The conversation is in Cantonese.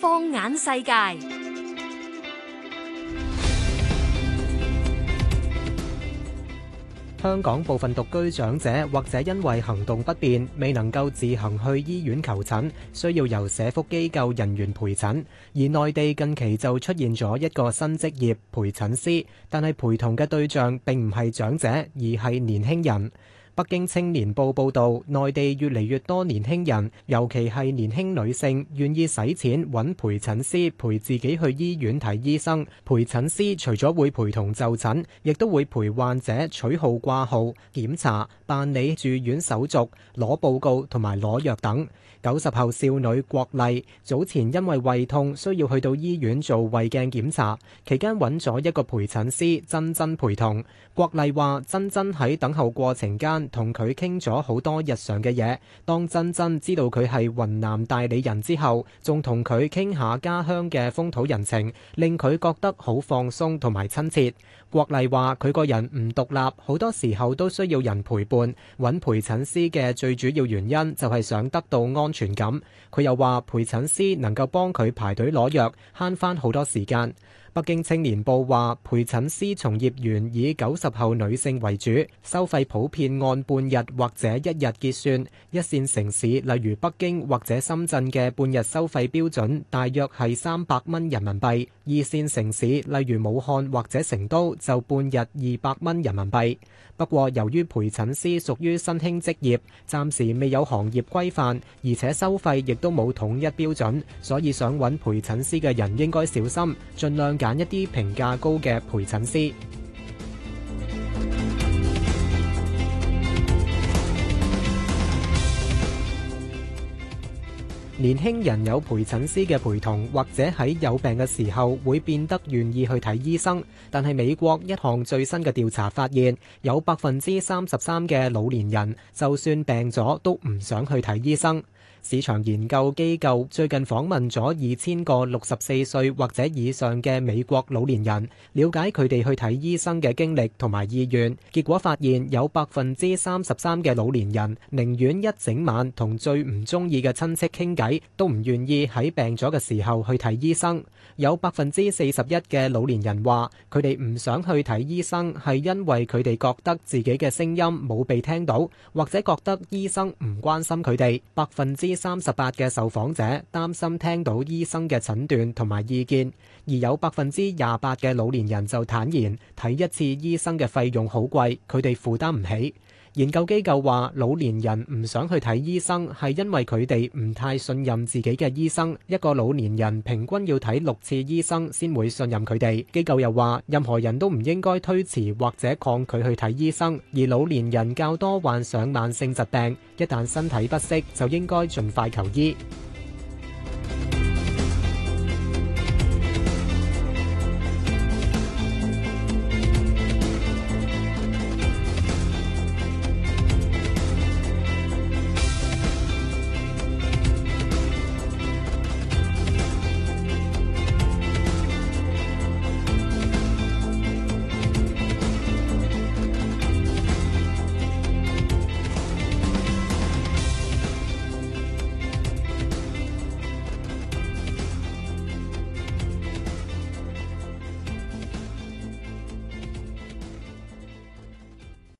放眼世界，香港部分獨居長者或者因為行動不便，未能夠自行去醫院求診，需要由社福機構人員陪診。而內地近期就出現咗一個新職業：陪診師。但係陪同嘅對象並唔係長者，而係年輕人。北京青年報報道，內地越嚟越多年輕人，尤其係年輕女性，願意使錢揾陪診師陪自己去醫院睇醫生。陪診師除咗會陪同就診，亦都會陪患者取號、掛號、檢查、辦理住院手續、攞報告同埋攞藥等。九十後少女郭麗早前因爲胃痛需要去到醫院做胃鏡檢查，期間揾咗一個陪診師珍珍陪同。郭麗話珍珍喺等候過程間，同佢傾咗好多日常嘅嘢。當珍珍知道佢係雲南大理人之後，仲同佢傾下家鄉嘅風土人情，令佢覺得好放鬆同埋親切。國麗話佢個人唔獨立，好多時候都需要人陪伴，揾陪診師嘅最主要原因就係想得到安全感。佢又話陪診師能夠幫佢排隊攞藥，慳翻好多時間。北京青年報話陪診師從業員以九十後女性為主，收費普遍按半日或者一日結算。一線城市例如北京或者深圳嘅半日收費標準大約係三百蚊人民幣，二線城市例如武漢或者成都就半日二百蚊人民幣。不過由於陪診師屬於新興職業，暫時未有行業規範，而且收費亦都冇統一標準，所以想揾陪診師嘅人應該小心，儘量，揀一啲評價高嘅陪診師。年輕人有陪診師嘅陪同，或者喺有病嘅時候會變得願意去睇醫生。但係美國一項最新嘅調查發現有，有百分之三十三嘅老年人就算病咗都唔想去睇醫生。市場研究機構最近訪問咗二千個六十四歲或者以上嘅美國老年人，了解佢哋去睇醫生嘅經歷同埋意願。結果發現有百分之三十三嘅老年人寧願一整晚同最唔中意嘅親戚傾偈。睇都唔願意喺病咗嘅時候去睇醫生，有百分之四十一嘅老年人話，佢哋唔想去睇醫生係因為佢哋覺得自己嘅聲音冇被聽到，或者覺得醫生唔關心佢哋。百分之三十八嘅受訪者擔心聽到醫生嘅診斷同埋意見，而有百分之廿八嘅老年人就坦言睇一次醫生嘅費用好貴，佢哋負擔唔起。研究機構話，老年人唔想去睇醫生，係因為佢哋唔太信任自己嘅醫生。一個老年人平均要睇六次醫生先會信任佢哋。機構又話，任何人都唔應該推遲或者抗拒去睇醫生，而老年人較多患上慢性疾病，一旦身體不適，就應該盡快求醫。